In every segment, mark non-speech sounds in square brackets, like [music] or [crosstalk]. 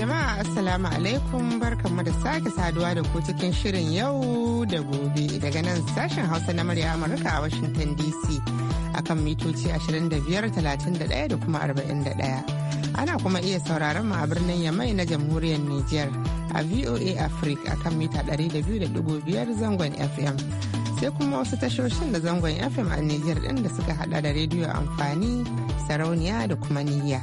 Jama'a Assalamu alaikum barkanmu da sake saduwa da ku cikin shirin yau da gobe daga nan sashen Hausa na murya Amurka a Washington DC akan mitoci 25,31 da kuma 41. ana kuma iya sauraron mu a birnin yamai na jamhuriyar Nijar a VOA Africa a kan mita 200.5 zangon FM. Sai kuma wasu tashoshin da zangon FM a Nijar ɗin da suka hada da rediyo amfani, sarauniya da kuma niyya.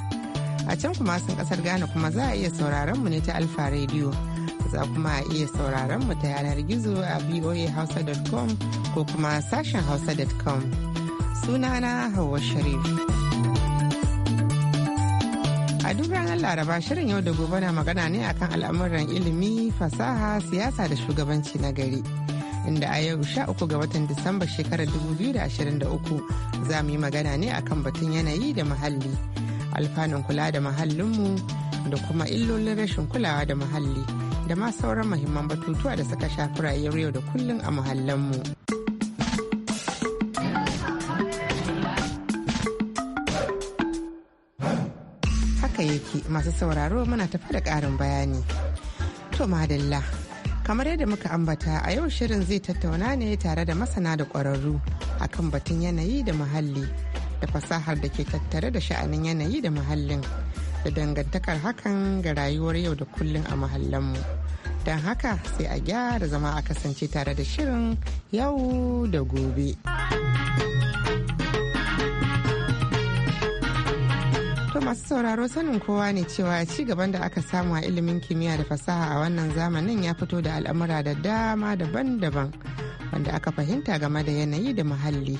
a can kuma sun kasar Ghana kuma za a iya sauraron mu ne ta Alfa Radio. Za kuma a iya sauraron mu ta yanar gizo a voahausa.com ko kuma sashen hausa.com. Sunana Hauwa Sharif. A duk ranar Laraba shirin yau da gobe na magana ne akan al'amuran ilimi, fasaha, siyasa da shugabanci na gari. inda a yau sha uku ga watan Disamba shekarar 2023 za mu yi magana ne akan batun yanayi da muhalli. alfanun kula da muhallinmu da kuma illolin rashin kulawa da muhalli da ma sauran mahimman batutuwa da suka shafi rayuwar yau da kullun a muhallinmu. Haka yake masu sauraro muna tafi da ƙarin bayani. To madalla, kamar yadda muka ambata a yau shirin zai tattauna ne tare da masana da ƙwararru akan batun yanayi da muhalli. da fasahar da ke tattare da sha'anin yanayi da muhallin da dangantakar hakan ga rayuwar yau da kullum a muhallanmu don haka sai a gyara zama a kasance tare da shirin yau da gobe to masu sauraro sanin kowa ne cewa ci gaban da aka samu a ilimin kimiyya da fasaha a wannan zamanin ya fito da al'amura da dama daban-daban wanda aka fahimta game da yanayi da muhalli.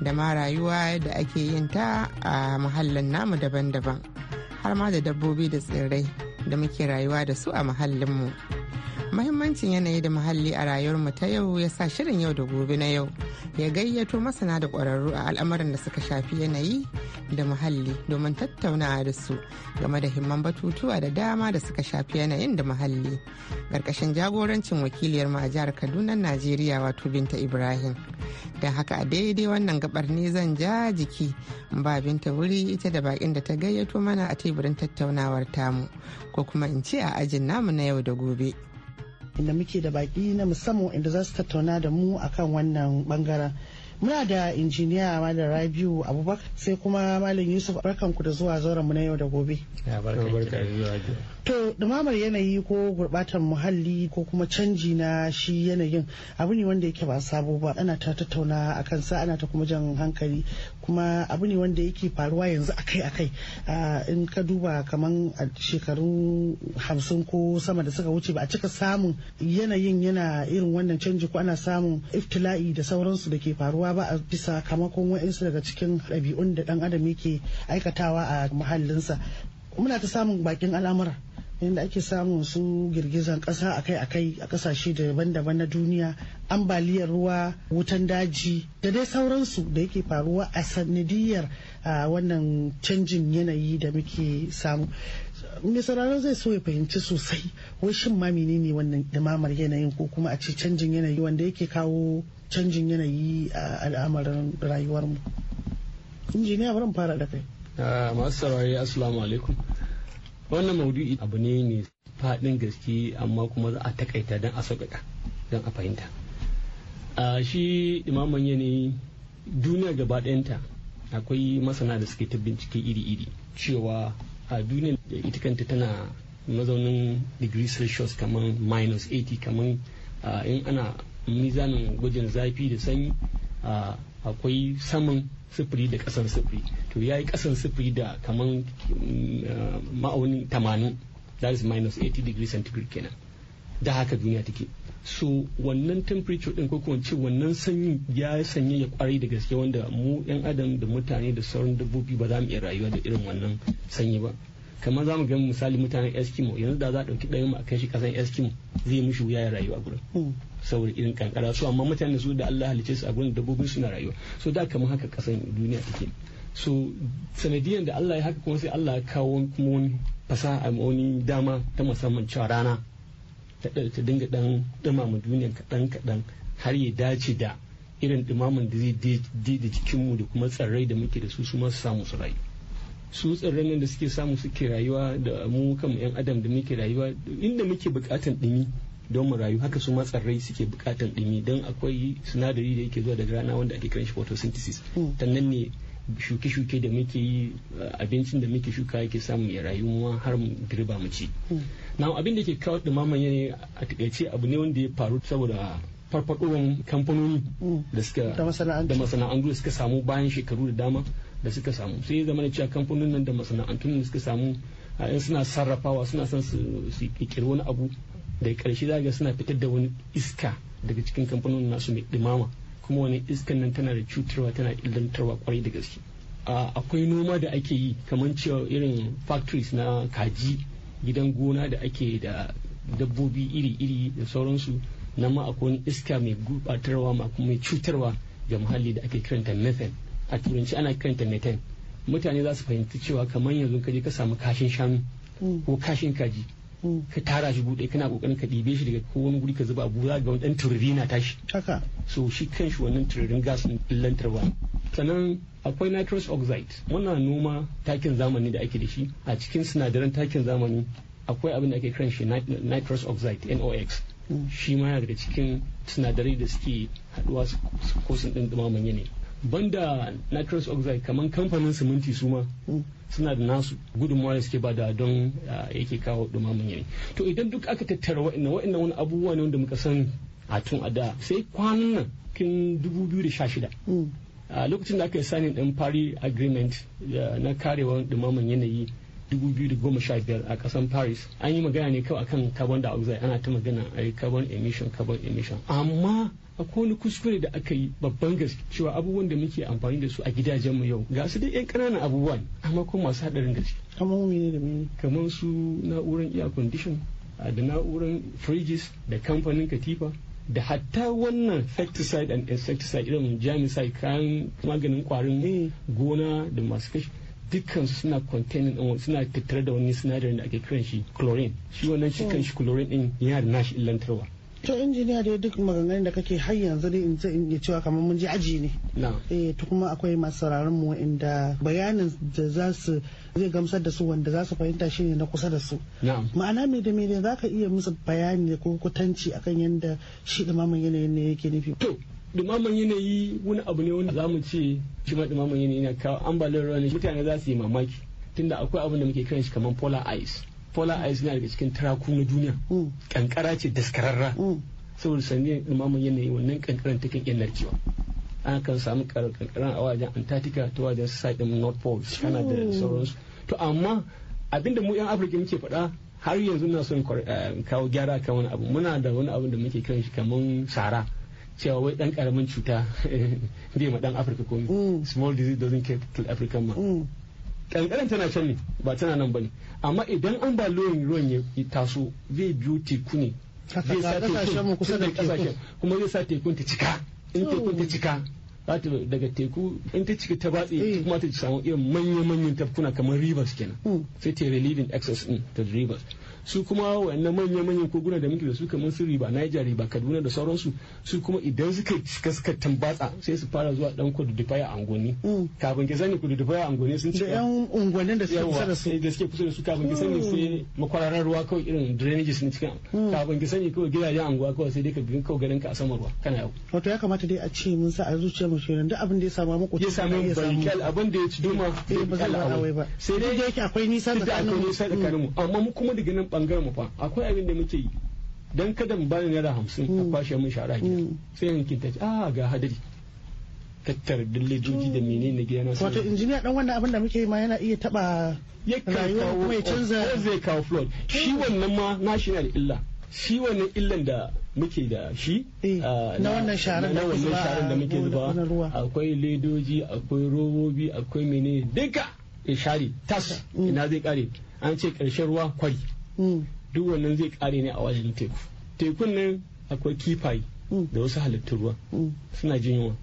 da ma rayuwa da ake yin ta a muhallin namu daban-daban har ma da dabbobi da tsirrai da muke rayuwa da su a muhallinmu. mu mahimmancin yanayi da muhalli a rayuwarmu ta yau ya sa shirin yau da gobe na yau ya gayyato masana da ƙwararru a al'amuran da suka shafi yanayi da muhalli domin tattaunawa da su game da himman batutuwa da dama da suka shafi yanayin da muhalli ƙarƙashin jagorancin wakiliyar mu a jihar kaduna najeriya wato binta ibrahim don haka a daidai wannan gabar ne zan ja jiki ba binta wuri ita da bakin da ta gayyato mana a teburin tattaunawar tamu ko kuma in ce a ajin namu na yau da gobe. inda muke da baki na musamman inda za su tattauna da mu akan wannan bangaren muna da injiniya malam rabiu abubakar sai kuma malam yusuf barkan ku da zuwa zauren mu na yau da gobe to dumamar yanayi ko gurbatar muhalli ko kuma canji na shi yanayin abu ne wanda yake ba sabo ba ana ta tattauna a kansa ana ta kuma jan hankali kuma abu ne wanda yake faruwa yanzu akai akai in ka duba kamar a shekaru hamsin ko sama da suka wuce ba a cika samun yanayin yana irin wannan canji ko ana samun iftila'i da sauransu da ke faruwa ma ba a bisa sakamakon wa'insu daga cikin ɗabi'un da ɗan adam yake aikatawa a muhallinsa muna ta samun bakin al'amura yadda ake samun su girgizan ƙasa akai-akai a ƙasashe daban-daban na duniya ambaliyar ruwa wutan daji da dai sauransu da yake faruwa a sanadiyar wannan canjin yanayi da muke samu mai sauraro zai so ya fahimci sosai wai shin ma menene wannan damamar yanayin ko kuma a ce canjin yanayi wanda yake kawo canjin yanayi a al'amarin rayuwarmu injiniya bari fara da kai ah, masu saurari assalamu alaikum wannan maudu'i abu ne ne faɗin gaske amma kuma za a takaita don a sauƙaƙa don a fahimta ah, shi imaman yanayi duniya gaba ɗayanta akwai masana da suke ta bincike iri-iri cewa a duniya ita kanta tana mazaunin degree celsius kamar minus 80 kamar ah, in ana mizanin gwajin zafi da sanyi akwai saman sufuri da kasan sufuri to ya yi kasan sufuri da kaman mm, ma'aunin 80 that is minus 80 degrees centigrade kenan da haka duniya take so wannan temperature din ko ce wannan sanyi ya sanya ya kwarai da gaske wanda mu yan adam da mutane da sauran dabbobi ba za mu iya rayuwa da irin wannan sanyi ba kamar za mu ga misali mutanen eskimo yanzu da za a ɗauki ɗayan a kai shi ƙasan eskimo zai mushi wuya ya rayuwa gurin hmm. saboda irin kankara su amma mutane su da Allah halice su a gurin suna rayuwa so da kamar haka kasan duniya take so sanadiyan da Allah ya haka kuma sai Allah ya kawo kuma wani a wani dama ta musamman cewa rana ta dinga dan dumama duniyan kadan kadan har ya dace da irin dumaman da zai da jikinmu da kuma tsirrai da muke da su su ma su samu su rayu su tsirrai nan da suke samu suke rayuwa da mu kan yan adam da muke rayuwa inda muke bukatan dumi don mu rayu haka su matsarai suke bukatan dimi don akwai sinadari da yake zuwa daga rana wanda ake kiran shi photosynthesis hmm. nan ne shuke-shuke da muke yi eh, abincin da muke shuka yake samu ya rayu mu har mu girba mu ci hmm. na abin da ke kawo mamaye ne a takaice abu ne wanda ya faru saboda farfadowar kamfanoni hmm. da suka da masana'antu suka samu bayan shekaru da dama da suka samu sai zama da cewa kamfanonin nan da masana'antu suka samu in eh, suna sarrafawa suna son su kirkiri wani abu da karshe za ga suna fitar da wani iska daga cikin kamfanin nasu mai dumama kuma wani iskan nan tana da cutarwa tana illantarwa kwarai da gaske akwai noma da ake yi kamar cewa irin factories na kaji gidan gona da ake da dabbobi iri-iri da sauransu na ma akwai wani iska mai gurbatarwa ma kuma mai cutarwa ga muhalli da ake kiranta methane a turanci ana kiranta methane mutane za su fahimci cewa kamar yanzu ka je ka samu kashin shanu mm. ko kashin kaji ka tara shi buɗe kana kokarin ka ɗibe shi daga kowane guri ka zuba abu za ga wani dan turbi na tashi haka so shi kan shi wannan turbin gas lantarwa sannan akwai nitrous oxide muna noma takin zamani da ake da shi a cikin sinadaran takin zamani akwai abin da ake kiran shi nitrous oxide NOx mm. shi ma yana daga cikin sinadarai da suke haduwa ko sun ɗin manya ne. banda cross oxide kamar kamfanin siminti su ma hmm. suna da nasu gudunmawa da suke bada don ah, yake kawo dumamin yanayi to idan duk aka tattara wa'annan wa'annan wani abubuwa ne wanda muka san a tun a da sai kwanan nan kin 2016 hmm. a ah, lokacin da aka yi sanin din fari agreement ah, na karewar dumamin yanayi 2015 a kasan paris an yi magana ne kawai akan carbon dioxide ana ta magana a yi carbon emission carbon emission amma akwai wani kuskure da aka yi babban gaske cewa abubuwan da muke amfani da su a gidajen mu yau ga su dai 'yan ƙananan abubuwan amma kuma masu hadarin gaske kamar su na'urar air condition da na'urar fridges da kamfanin katifa da hatta wannan pesticide and insecticide irin jamisai kayan maganin kwarin eh. gona da masu kashe dukkan suna containing din suna fitar da wani sinadarin da ake kiran shi chlorine shi wannan shi hmm. kan shi chlorine din yana da nashi illantarwa to injiniya da duk maganganun da kake har yanzu ne in ce in iya cewa kamar mun ji aji ne eh to kuma akwai masu sauraron mu inda bayanin da za su zai gamsar da su wanda za su fahimta shi ne na kusa da su ma'ana me da me da ka iya musu bayani ko kutanci akan yadda shi mamun yanayin ne yake nufi to dumaman yanayi wani abu ne wanda zamu ce shi ma dumaman yanayi na kawo ambaliyar ruwa ne mutane za su yi mamaki tunda akwai abin da muke kiran shi kamar polar ice polar ice na daga cikin taraku na duniya mm. kankara ce daskararra mm. saboda sanadiyar dumaman yanayi wannan kankaran takan iya narkewa an kan samu kankaran a wajen antarctica ta wajen side north pole kana da mm. sauransu to amma abinda mu yan afirka muke faɗa har yanzu na son eh, kawo gyara kan wani abu muna da wani abu da muke kiran shi kamar sara cewa wai dan karamin cuta bai [laughs] ma dan afirka komi mm. small disease doesn't care to african man kankanin mm. tana can ne ba tana nan ba ne amma idan an ba loyin ruwan ya taso zai biyo teku ne zai sa tekun kuma zai sa tekun ta cika in mm. tekun ta cika daga teku in ta cika ta batse kuma ta samu irin manya-manyan tafkuna kamar rivers kenan sai ta relieving excess in ta rivers su kuma wayannan manya manyan koguna da muke da su kamar su riba Niger riba Kaduna da sauransu su kuma idan suka cika suka tambatsa sai su fara zuwa dan kudu da faya angoni mm. kafin ki sani kudu da faya angoni sun ce yan ungwannin da suke kusa da su da suke kusa da su kafin ki sani sai mm. makwararan ruwa kawai irin drainage sun cikin mm. kafin ki sani kawai gidajen anguwa kawai sai dai ka bin kawai garin ka a saman ruwa kana yau wato ya kamata dai a ce mun sa a zuciyar mu kenan duk abin da ya samu makoci ya samu bankal abin da ya ci doma eh, ba sai dai yake akwai nisa tsakanin mu amma mu kuma daga nan bangaren mu fa akwai abin da muke yi dan kada mu bani naira hamsin a hmm. kwashe mun shara gida hmm. sai yankin ta ce a ah, ga hadari tattara dillajoji da hmm. menene gida na wato injiniya dan wannan abin da muke ma yana iya taba rayuwa kuma ya canza zai kawo flood shi wannan ma nashi na da illa shi wannan illan da muke da shi eh, ah, na wannan sharan da muke zuba akwai ledoji akwai robobi akwai menene duka ya share tas ina zai kare an ce karshen ruwa kwari duk wannan zai kare ne a wajen teku tekun nan akwai kifaye da wasu halittun ruwa suna jin yunwa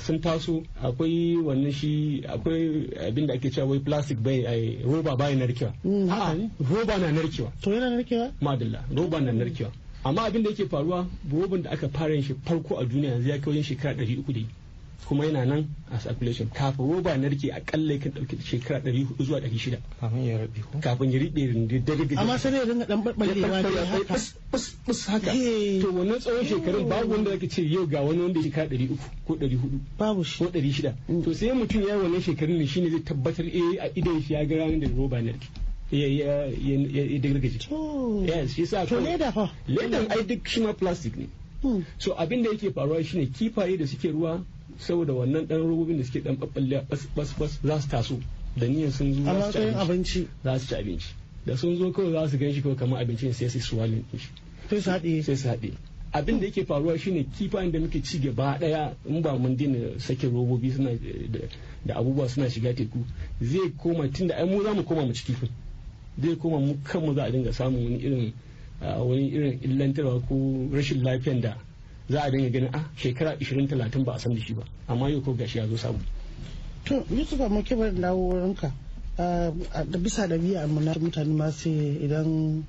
sun taso akwai wannan shi akwai abinda ake cewa wai plastic bai ai eh, roba bai narkewa a'a roba na narkewa to yana narkewa madalla roba na narkewa amma abinda yake faruwa robin da aka fara shi farko a duniya yanzu ya kai wajen shekara 300 da kuma yana nan a circulation kafin roba na rike akalla yakan dauki shekara 400 zuwa 600 kafin ya rabe kafin da daga amma sai ya dinga dan barbarewa ne haka bus haka to wannan tsawon shekarun babu wanda zaka ce yau ga wani wanda shekara 300 ko 400 babu shi ko 600 mm. to sai mutum ya yi wannan shekarun ne shine zai tabbatar eh a idan shi ya ga ranar da roba na rike ya ya ya dagargaje yes shi sa to leda fa ledan ai duk shi ma plastic ne mm. so abin da yake faruwa shine kifaye da suke ruwa saboda wannan dan rububin da suke dan babballe bas bas za su taso da niyan sun zo za su ci abinci za su ci abinci da sun zo kawai za su ganshi kawai kamar abincin sai su swalin shi sai su haɗe sai su haɗe abin da yake faruwa shine kifa da muke ci gaba daya in ba mun dina sake robobi suna da abubuwa suna shiga teku zai koma tunda ai mu za mu koma mu ci kifin zai koma mu kanmu za a dinga samun wani irin ah, wani irin illantarwa ko rashin lafiyan da za a dinga ganin a ah, shekara 20 30 ba a san da shi ba amma yau ko gashi ya zo samu to yusufa muke bari dawo wurinka ah, a bisa da biya mu na mutane ma idan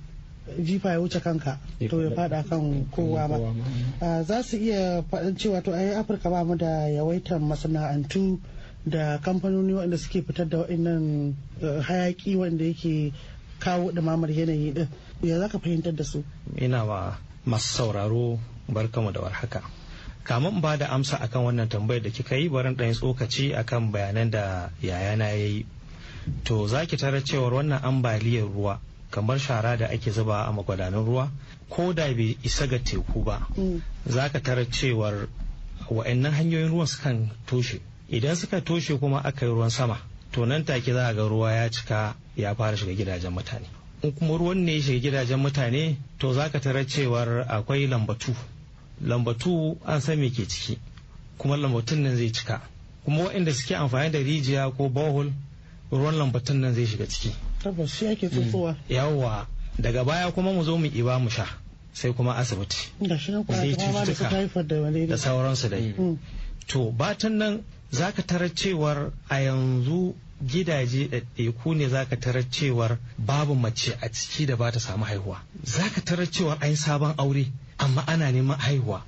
jifa ya wuce kanka to ya fada kan kowa ba mm. ah, za su iya faɗin cewa to ai afirka ba mu da yawaitar masana'antu da kamfanoni waɗanda suke fitar da waɗannan eh, hayaki wanda yake kawo ɗumamar yanayi din ya za ka fahimtar da su ina ba masu sauraro barkamu da warhaka kamun ba da amsa akan wannan tambayar da kika yi barin ɗan tsokaci akan bayanan da yayana ya yi to za ki tarar cewar wannan ambaliyar ruwa kamar shara da ake zuba a magudanan ruwa ko da bai isa ga teku ba mm. za ka tarar cewar wa'annan hanyoyin ruwan sukan toshe idan suka toshe kuma aka yi ruwan sama to nan take za a ga ruwa ya cika ya fara shiga gidajen mutane in kuma ruwan ne ya shiga gidajen mutane to za ka tarar cewar akwai lambatu lambatu an san me ke ciki kuma lambatun nan zai cika kuma waɗanda suke amfani da rijiya ko bohol ruwan lambatun nan zai shiga ciki tabbas shi ke tsotsowa yawwa daga baya kuma mu zo mu iba mu sha sai kuma asibiti da cututtuka da sauransu dai mm. to batan nan zaka tarar cewar a yanzu gidaje da ɗaiɗaiku ne zaka tarar cewar babu mace a ciki da ba ta samu haihuwa zaka tarar cewar an sabon aure amma ana neman haihuwa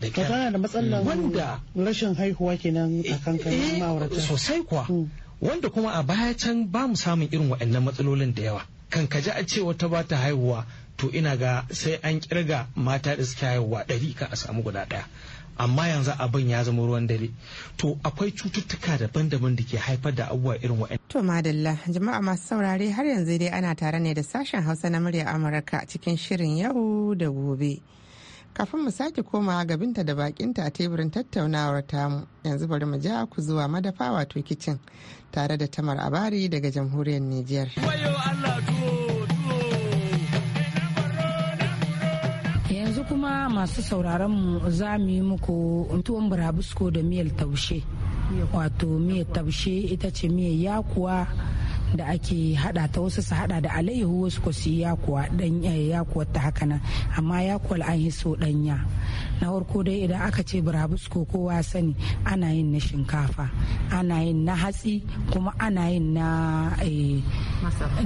da tana da matsalar mm. wanda rashin haihuwa kenan a eh, kankan eh, ma'aurata sosai kuwa mm. wanda kuma a baya can ba mu samun irin waɗannan matsalolin da yawa kan ka ji a ce wata ba ta haihuwa to ina ga sai an kirga mata da suke haihuwa ɗari ka a samu guda ɗaya amma yanzu abin ya zama ruwan dare to akwai cututtuka daban-daban da ke haifar da abubuwa irin wa'in. to madalla jama'a masu saurare har yanzu dai ana tare ne da sashen hausa na murya amurka cikin shirin yau da gobe kafin mu sake komawa gabinta binta da bakinta a teburin tattaunawar tamu yanzu bari mu ja ku zuwa madafa wato kicin tare da tamar abari daga jamhuriyar nijiyar. yanzu kuma masu sauraron mu za mu yi muku tuwon burabusko da miyar taushe wato miyar taushe ita ce miyar yakuwa da ake hada ta wasu su hada da alayyahu wasu ko su yakuwa dan eh, yakuwa ta haka nan amma yakuwal an yi so danya na farko dai idan aka ce burabusko kowa sani ana yin na shinkafa ana yin na hatsi kuma ana yin na eh,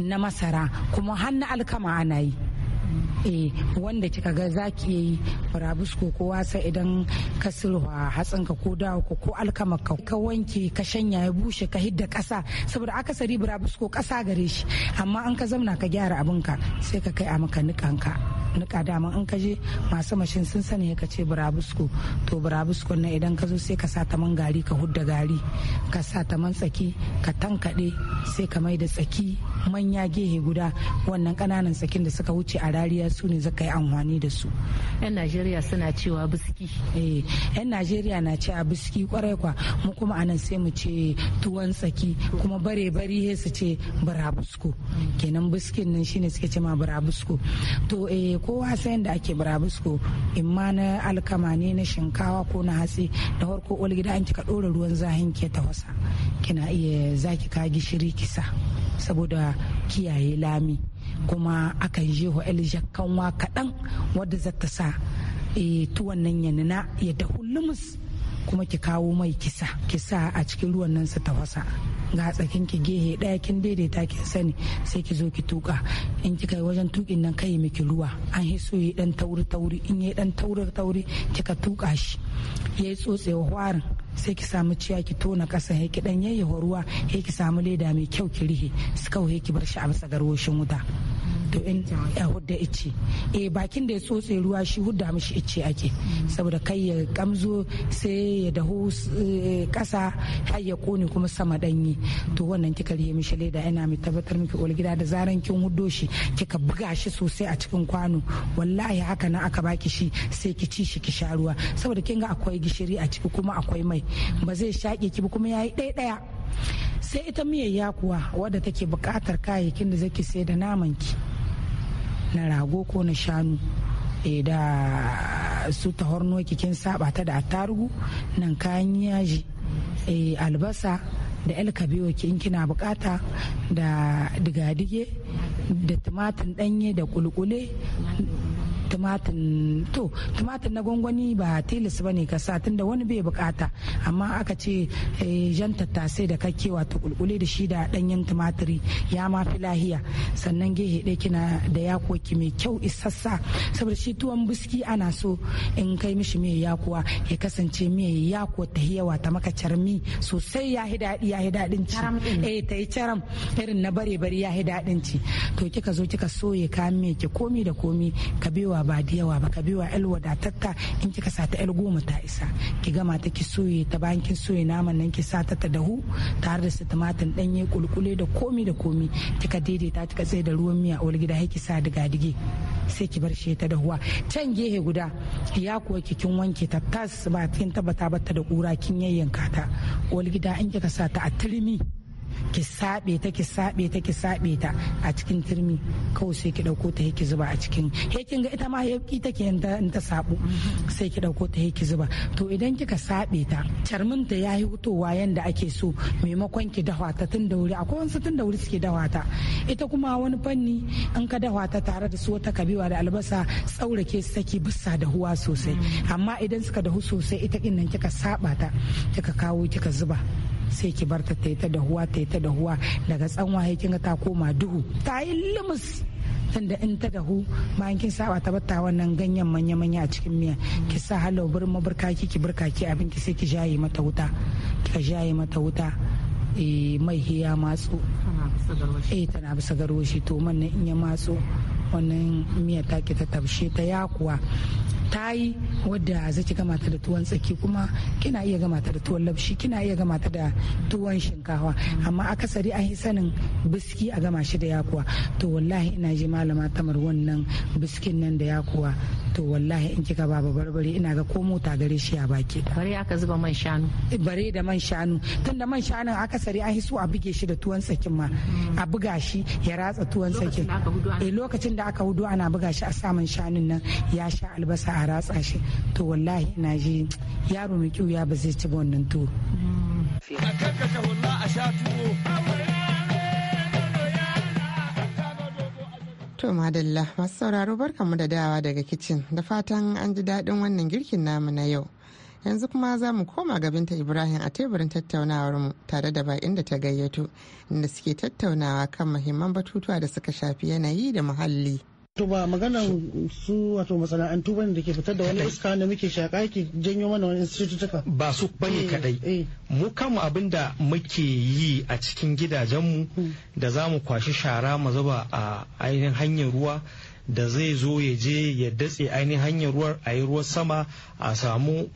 na masara kuma har na alkama ana yi eh wanda kika ga zaki yi burabusko ko wasa idan ka sulwa hatsin ka ko dawa ko ko alkama ka ka wanke ka shanya ya bushe ka hidda kasa saboda akasari ko kasa gare shi amma an ka zamna ka gyara abin ka sai ka kai a maka nikanka nika dama in ka je masu mashin sun sani ka ce burabusko to burabusko na idan ka zo sai ka sa taman gari ka hudda gari ka sa taman tsaki ka tankaɗe sai ka mai da tsaki manya gehe guda wannan kananan sakin da suka wuce a rariya su ne zaka yi amfani da su yan najeriya suna cewa biski eh yan najeriya na ce biski kwarai kwa mu kuma anan sai mu ce tuwon tsaki kuma bare bari he su ce burabusko kenan biskin nan shine suke ce ma burabusko to eh kowa sayan da ake burabusko in ma na alkama ne na shinkawa ko na hatsi da ol gida an kika dora ruwan zahin ke wasa kina iya zaki ka gishiri kisa saboda kiyaye lami kuma akan je wa kanwa kaɗan wadda za ta sa eh, tuwon nan ya nuna ya dahu limus kuma ki kawo mai kisa kisa a cikin ruwan nan su tafasa ga tsakin ki gehe daya kin daidaita kin sani sai ki zo ki tuka in kika yi wajen tukin nan kai miki ruwa an yi so yi dan tauri tauri in yi dan tauri tauri kika tuka shi yayi tsotsewa hwarin sai ki samu ciya ki tona kasa he ki dan ruwa he ki samu leda mai kyau ki rihe kawai ki bar shi a bisa garwoshin wuta to hudda ice eh bakin da ya tsotse ruwa shi hudda mishi ice ake saboda kai ya kamzo sai ya dahu kasa eh, har ya kone kuma sama danyi to wannan kika riye mishi leda ina mai tabbatar miki gida da zaran kin huddo shi kika buga shi sosai a cikin kwano wallahi haka na aka baki shi sai ki ci shi ki sha ruwa saboda kin ga akwai gishiri a ciki kuma akwai mai ba zai shaƙe ki ba kuma yayi ɗaya ɗaya sai ita miyayya yakuwa wadda take buƙatar kayayyakin da zaki sai da naman ki na rago ko na shanu e, da su horno kikin saba ta da attarugu nan kayan yaji e, albasa da alkabewa in kina bukata da digadige da tumatin danye da kulkule tumatin to tumatin na gwangwani ba tilis ba ne ka sa tunda wani bai bukata amma aka ce eh, jan tattasai da kake wato kulkule da shi da danyen tumatiri ya ma fi lahiya sannan gehe ɗaya kina da yakoki mai kyau isassa saboda shi tuwon biski ana so in kai mishi mai yakuwa ya kasance mai yako ta yawa ta maka carmi sosai ya hi daɗi ya hi daɗin ci eh ta yi caram irin na bare bare ya hi daɗin ci to kika zo kika soye ka me ki komi da komi ka biwa zuwa ba da yawa ba ka biwa yan wadatakka in kika sa ta yan goma ta isa ki gama ta ki soye ta bayan kin soye naman nan ki sa ta ta dahu tare da su tumatir danye kulkule da komi da komi kika daidaita kika tsaye da ruwan miya a gida sai ki sa diga dige sai ki bar shi ta dahuwa can gehe guda ya kuwa ki kin wanke ta tas ba kin tabbata ba ta da kura kin yayyanka ta a gida in kika sa ta a turmi ki sabe ta ki sabe ta ki sabe ta a cikin turmi kawai sai ki dauko ta ki zuba a cikin he ga ita ma ki take in ta sabu sai ki dauko ta ki zuba to idan kika sabe ta charmin ta yayi hutowa yanda ake so maimakon ki dawa ta tun da wuri akwai wasu tun da wuri suke dawa ta ita kuma wani fanni in ka dawa ta tare da su wata kabiwa da albasa tsaurake su take bisa da huwa sosai amma idan suka dahu sosai ita din kika saba ta kika kawo kika zuba sai ki barta ta ta dahuwa ta ta dahuwa daga tsanwa ya ga ta koma duhu ta yi limus tunda in ta dahu bayan kin saba ta batta wannan ganyen manya-manya a cikin miya ki sa halau burin maburkaki ki burkaki abin ki sai ki jaye mata wuta kika jaye mata wuta eh, mai hiya matsu eh tana bisa garoshi to man in ya matsu wannan miya ta ki ta tabshe ta yakuwa ta yi wadda zai gama ta da tuwon tsaki kuma kina iya gama ta da tuwon labshi kina iya gama ta da tuwon shinkawa amma akasari an yi sanin biski a gama shi da yakuwa to wallahi ina ji malama tamar wannan biskin nan da yakuwa to wallahi in kika ba barbare ina ga ko mota gare shi a baki bare aka zuba man shanu bare da man shanu tun da man shanu aka akasari a hisu a buge shi da tuwon tsakin ma a buga shi ya ratsa tuwon tsakin eh lokacin da aka hudu ana buga shi a saman shanun nan ya sha albasa a ratsa shi to wallahi ina ji yaro mai kyau ya ba zai ci wannan mm. a sha tuwo To madalla masu sauraro mu da dawa daga kicin da fatan an ji daɗin wannan girkin namu na yau. Yanzu kuma za mu koma gabinta Ibrahim a teburin tattaunawarmu tare da baƙin da ta gayyato inda suke tattaunawa kan muhimman batutuwa da suka shafi yanayi da muhalli. To ba maganan su wato masana'antu bane da ke fitar da wani iska da muke shaka ke janyo mana wani institutuka Ba su bane eh, kadai. Eh. Mu kanmu abin da muke yi a cikin gidajenmu hmm. da za mu kwashi shara mu zuba a ainihin hanyar ruwa da zai zo ya je ya datse ainihin hanyar ruwa a yi ruwan sama a samu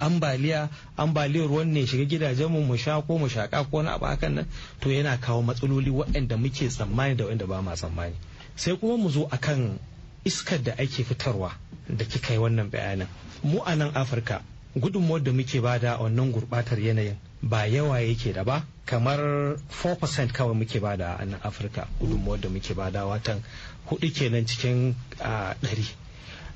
ambaliya ambaliyar ruwan ne shiga gidajenmu mu sha ko mu shaka ko wani abu hakan nan to yana kawo matsaloli waɗanda muke tsammani da waɗanda ba ma tsammani. sai kuma mu zo akan iskar da ake fitarwa da kika yi wannan bayanin mu a nan afirka gudunmuwar da muke bada a wannan gurbatar yanayin ba yawa yake da ba kamar 4% kawai muke bada a nan afirka gudunmuwar da muke bada watan hudu kenan cikin ɗari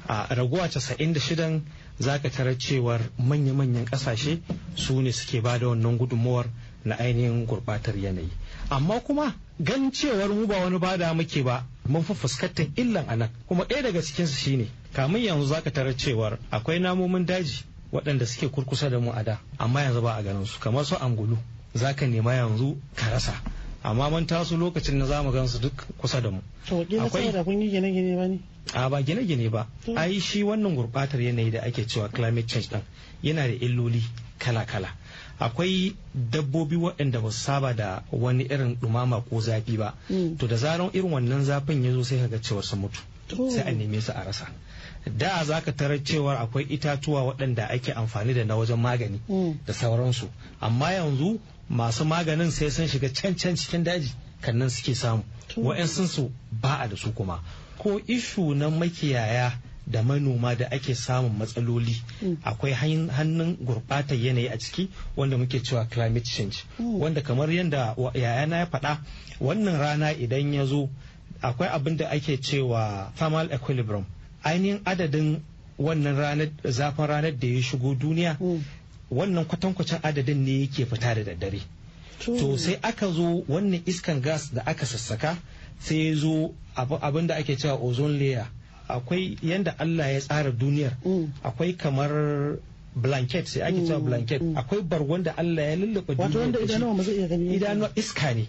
a raguwa shidan za ka tara cewar manya-manyan kasashe su ne suke bada wannan gudunmuwar na ainihin gurbatar yanayi amma kuma ganin cewar mu ba wani bada muke ba mun fi fuskantar illan a kuma ɗaya daga cikinsu shine kamun yanzu zaka tarar cewar akwai namomin daji waɗanda suke kurkusa da mu a da amma yanzu ba a ganin su kamar su angulu zaka nema yanzu ka rasa amma mun taso lokacin na zamu gansu duk kusa da mu akwai da kun yi gine-gine ba ne a ba gine-gine ba ai shi wannan gurbatar yanayi da ake cewa climate change din yana da illoli kala-kala akwai dabbobi waɗanda ba su saba da wani irin ɗumama ko zafi ba mm. to da zaran irin wannan zafin ya zo sai ka ga cewar sun mutu sai a neme su a rasa da za ka tarar cewar akwai itatuwa waɗanda ake amfani da na wajen magani mm. da sauransu amma yanzu masu maganin sai sun shiga can can cikin daji kannan suke samu sun su ba da su kuma ko ishu na makiyaya da manoma da ake samun matsaloli mm. akwai hannun gurbatar yanayi a ciki wanda muke cewa climate change mm. wanda kamar yadda yayana ya faɗa wannan rana idan ya zo akwai abin da ake cewa thermal equilibrium ainihin adadin wannan ranar zafin ranar da ya shigo duniya mm. wannan kwatankwacin adadin ne yake fita da daddare to sai aka zo wannan iskan gas da aka sassaka sai zo abin da ake cewa ozone layer akwai yanda Allah ya tsara duniyar mm. akwai kamar blanket sai ake cewa mm. blanket mm. akwai bargon da Allah ya lullaba duniya wato wanda idanuwa mu zai iya gani idanuwa iska ne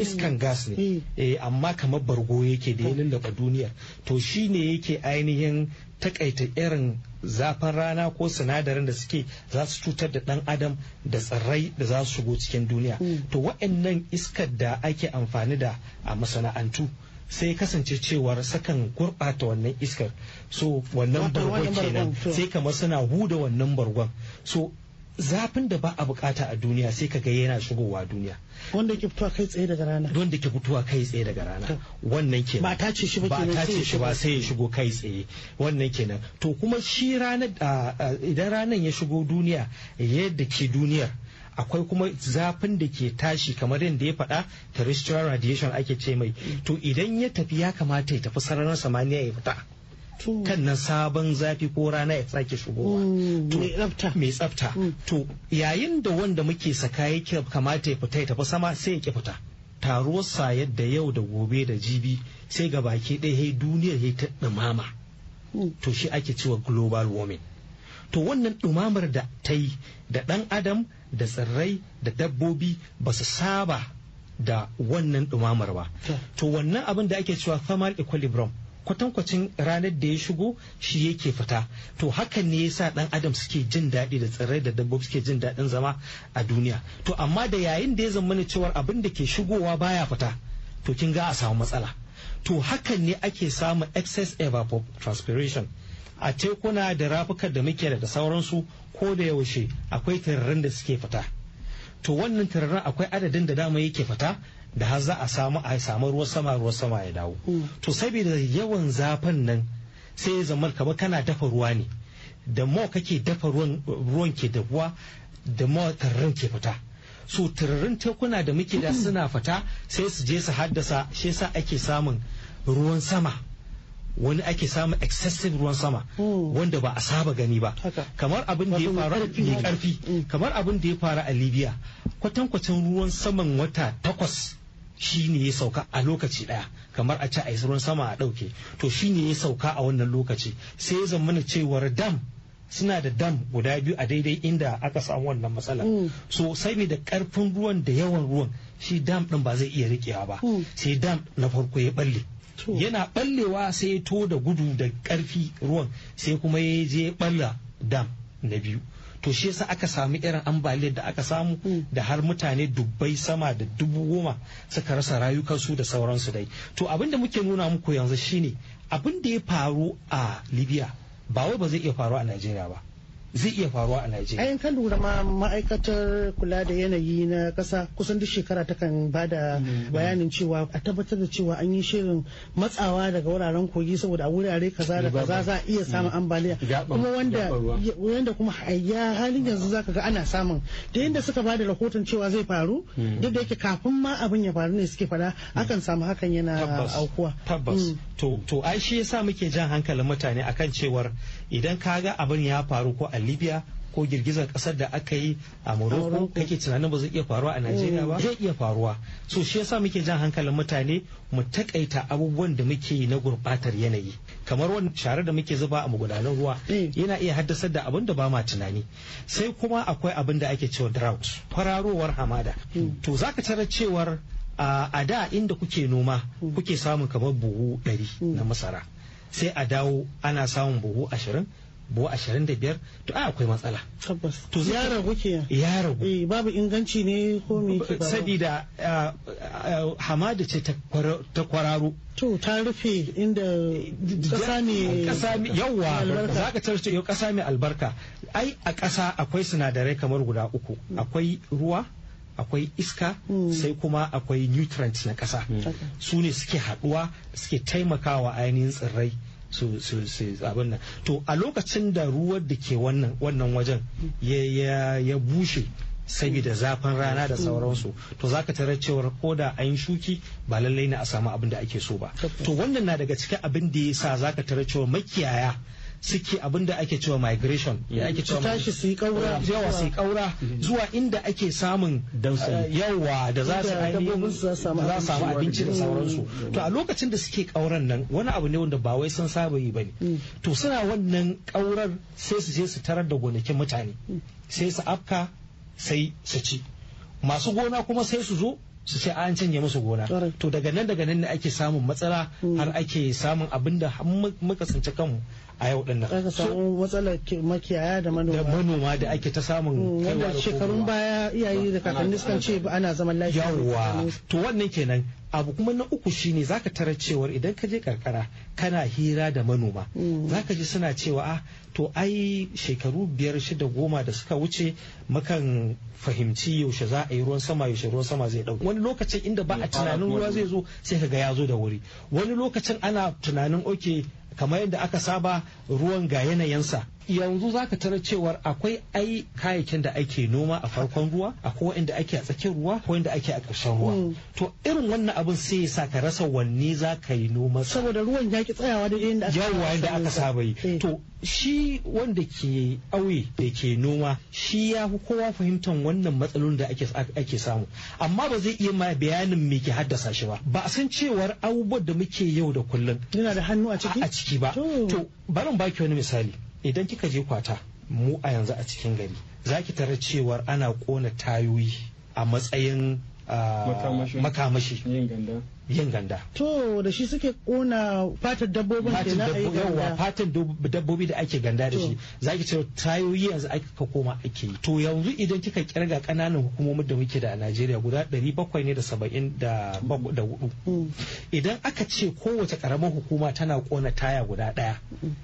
iskan gas ne eh amma kamar bargo yake da ya lullaba duniyar. to shine yake ainihin takaita irin zafin rana ko sinadarin da suke za su cutar da dan adam da tsirrai da za su shigo cikin duniya to waɗannan iskar da ake amfani da a masana'antu sai kasance cewar sakan gurɓata wannan iskar so wannan bargon kenan sai kamar suna huda wannan bargon so zafin da ba a bukata a duniya sai kaga yana shigowa duniya wanda ke fitowa kai tsaye daga rana wanda ke fitowa kai tsaye daga rana wannan kenan ba tace shi ba ta ba tace shi ba sai ya shigo kai tsaye wannan kenan to kuma shi ranar ah, ah, idan ranar ya shigo duniya yadda ke duniyar akwai kuma zafin da ke tashi kamar yadda ya faɗa terrestrial radiation ake ce mai to idan ya tafi ya kamata ya tafi sararin samaniya ya fita kan nan sabon zafi ko rana ya sake shigowa mm, mai tsafta mm. to yayin da wanda muke saka ya kamata ya fita ya tafi sama sai ya ki fita taruwarsa yadda yau da gobe da jibi sai ga baki ɗaya duniya ya ta ɗumama mm. to shi ake cewa global warming to wannan ɗumamar da ta yi da ɗan adam da tsirrai da dabbobi ba su saba da wannan ɗumamar ba to wannan abin da ake cewa thermal equilibrium kwatankwacin ranar da ya shigo shi yake fita to hakan ne yasa dan adam suke jin daɗi da tsirrai da dabbobi suke jin daɗin zama a duniya to amma da yayin da ya zama cewar abin da ke shigowa baya fita to kin ga a samu matsala to hakan ne ake samun excess evapotranspiration a tekuna da rafukan da muke da sauransu ko da yaushe akwai tararren da suke fita to wannan tararren akwai adadin da dama yake fita da har za a samu a samu ruwan sama ruwan sama ya dawo hmm. to saboda yawan zafin nan sai ya zama kamar kana dafa ruwa ne da mo kake dafa ruwan ke dafuwa da mo tararren ke fita so tararren tekuna da muke da suna fita sai su je su haddasa shi yasa ake samun ruwan sama wani ake samun excessive ruwan sama hmm. wanda ba a saba gani ba kamar abin da ya faru ne karfi hmm. kamar abin da ya faru a libya kwatankwacin ruwan saman wata takwas shi ne ya sauka a lokaci daya kamar a ci a ruwan sama a dauke to shi ne ya sauka a wannan lokaci sai ya zamana cewar dam suna da dam guda biyu a daidai inda aka samu wannan matsala hmm. so sai da karfin ruwan da yawan ruwan shi dam din ba zai iya rikewa ba sai dam na farko ya balle yana ballewa sai to da gudu da ƙarfi ruwan sai kuma ya je balla dam na biyu to shi yasa aka samu irin ambaliyar da aka samu hmm. da har mutane dubbai sama da dubu goma suka rasa rayukansu da sauransu dai to abin da muke nuna muku yanzu shine abin da ya faru a libya ba wai ba zai iya faru a najeriya ba zai iya faruwa a Najeriya. Ayin kan lura ma ma'aikatar kula da yanayi na kasa kusan duk shekara takan ba da mm-hmm. bayanin cewa a tabbatar da cewa an yi shirin matsawa daga wuraren kogi saboda a wurare kaza da kaza za a iya samun mm-hmm. ambaliya. Kuma wanda kuma ya halin yanzu zaka ga ana samun da yadda suka ba da rahoton cewa zai faru mm-hmm. duk da yake kafin ma abin ya faru ne suke faɗa akan samu hakan yana aukuwa. Tabbas. Mm. To ai shi yasa muke jan hankalin mutane akan cewar idan ka ga abin ya faru ko a libya ko girgizar kasar da aka yi a morocco kake tunanin ba zai iya faruwa a najeriya ba mm, zai iya faruwa so shi yasa muke jan hankalin mutane mu takaita abubuwan da muke yi na gurbatar yanayi kamar wani share da muke zuba a magudanan ruwa mm. yana iya haddasar da abin da ba ma tunani sai kuma akwai abin da ake cewa drought fararowar hamada mm. to zaka tara cewar a da inda kuke noma kuke samun kamar buhu ɗari na masara sai a dawo ana samun buhu ashirin buhu ashirin da biyar to a akwai matsala. Tabbas. To ya ragu ke eh, ya ragu. babu inganci ne ko me ke ba. Sabida eh, eh, hamada ce ta kwararo. To ta rufe inda ƙasa ne. Ƙasa ne yawa za ka tarce yau ƙasa mai albarka. Ai a ƙasa akwai sinadarai kamar guda uku akwai ruwa akwai iska hmm. sai kuma akwai nutrients na ƙasa hmm. su ne suke haɗuwa suke taimakawa ainihin tsirrai su su su abin nan to a lokacin da ruwan da ke wannan wannan wajen ya ya bushe saboda hmm. zafin rana da sauransu to zaka tarar cewar ko da an shuki ba lallai na a samu abin da ake so ba to wannan na daga cikin abin da ya sa zaka tarar cewar makiyaya suke abin da ake cewa migration ya ake cewa tashi su yi kaura yawa su yi kaura mm-hmm. zuwa inda ake samun eh, yawa da za su za samu abinci da sauransu mm-hmm. to a lokacin da suke kauran nan wani abu ne wanda ba wai sun saba yi bane mm. to suna wannan kaurar sai su je su tarar da gonakin mutane mm. sai su afka sai su ci masu gona kuma sai su zo su ce an canje musu gona to daga nan daga nan ne ake samun matsala hmm. har ake samun abin da muka tsinci kanmu a yau din nan. Aka samu matsala makiyaya da manoma. Da ake ta samun hmm, kaiwa da shekarun baya iyaye da kakanni sukan ce ana zaman lafiya. Yawwa to wannan kenan abu kuma na uku shine zaka tara cewa idan ka je karkara kana hira da manoma mm. zaka ji suna cewa a ah, to ai shekaru biyar shida goma da suka wuce makan fahimci yaushe za a yi ruwan sama yaushe ruwan sama zai dauki wani lokacin inda ba a mm, tunanin ruwa zai zo sai kaga ya zo da wuri wani lokacin ana tunanin oke kamar yadda aka saba ruwan ga yanayinsa yanzu zaka tarar cewar akwai ai kayayyakin da ake noma a farkon ruwa akwai wanda ake a tsakiyar ruwa akwai wanda ake a ƙarshen ruwa mm. to irin wannan abin sai sa ka rasa wanne za ka yi noma saboda ruwan ya ki tsayawa da inda aka yawa inda aka saba yi to shi wanda ke auye da ke noma shi ya fi kowa fahimtar wannan matsalolin da ake samu amma ba zai iya ma bayanin me ke haddasa shi ba ba a san cewar abubuwan da muke yau da kullum yana da hannu a ciki a ciki ba to barin baki wani misali idan kika je kwata mu a yanzu a cikin gari za ki tara cewar ana kona tayoyi a matsayin ah, makamashi yin ganda. To da shi suke kona fatan dabbobin da na ayi ganda. fatan dabbobi da ake ganda da shi za ki cewa tayoyi yanzu aka koma ake yi. To yanzu idan kika kirga kananan hukumomin da muke da a Najeriya guda ɗari bakwai ne da saba'in da hudu. Mm. Idan aka ce kowace karamar hukuma tana kona taya guda ɗaya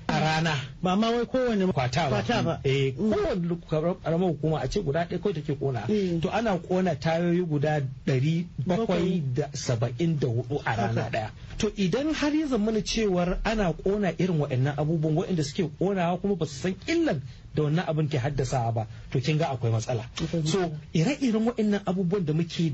a rana. Ba ma wai kowane kwata ba. Eh mm. kowane karamar hukuma a ce guda ɗaya kawai take kona. Mm. To ana kona tayoyi guda ɗari bakwai da saba'in da hudu a rana daya to idan har ya zamana cewar ana kona irin waɗannan abubuwan waɗanda suke konawa kuma ba su san illan da wannan abin ke haddasa ba to kin ga akwai matsala so ire-iren waɗannan abubuwan da muke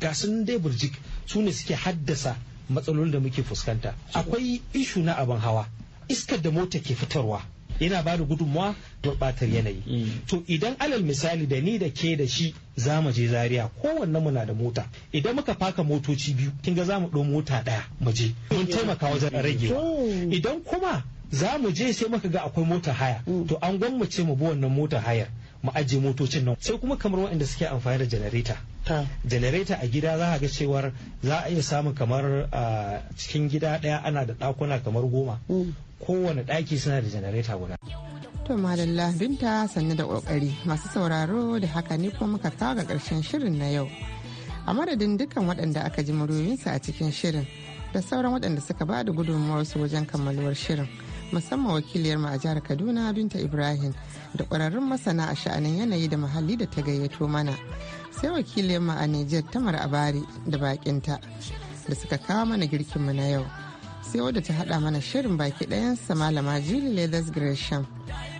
da sun dai burjik su ne suke haddasa matsalolin da muke fuskanta akwai ishu na abin hawa iskar da mota ke fitarwa yana ba da don batar yanayi mm. to idan alal misali da ni da ke da shi za mu je zaria kowanne muna da mota idan muka faka motoci biyu kin ga za mu ɗau mota ɗaya mu je mun taimaka wajen rage mm. idan kuma za mu je sai muka ga akwai mota haya mm. to an gwammace mu bi wannan mota hayar mu ajiye motocin nan sai kuma kamar waɗanda suke amfani da janareta janareta a gida za a ga cewar za a iya samun kamar ah, cikin gida ɗaya ana da ɗakuna kamar goma kowane ɗaki suna da janareta guda. To Madalla Binta sannu da ƙoƙari masu sauraro da haka ne kuma muka kawo ga ƙarshen shirin na yau. A madadin dukkan waɗanda aka ji muryoyinsu a cikin shirin da sauran waɗanda suka ba da gudummawar su wajen kammaluwar shirin. musamman wakiliyar mu a jihar kaduna binta ibrahim da ƙwararrun masana a sha'anin yanayi da muhalli da ta gayyato mana sai wakiliyar mu a Nijar tamar abari da bakinta da suka kawo mana girkinmu na yau sai wadda ta hada mana shirin baki ɗayansa malama Julie Leathers Gresham.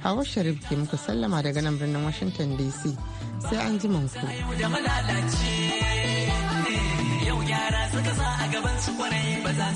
Hawa Sharif ke muku sallama daga nan birnin Washington DC. Sai an ji manku. Yau yara suka sa a gaban su kwarai ba za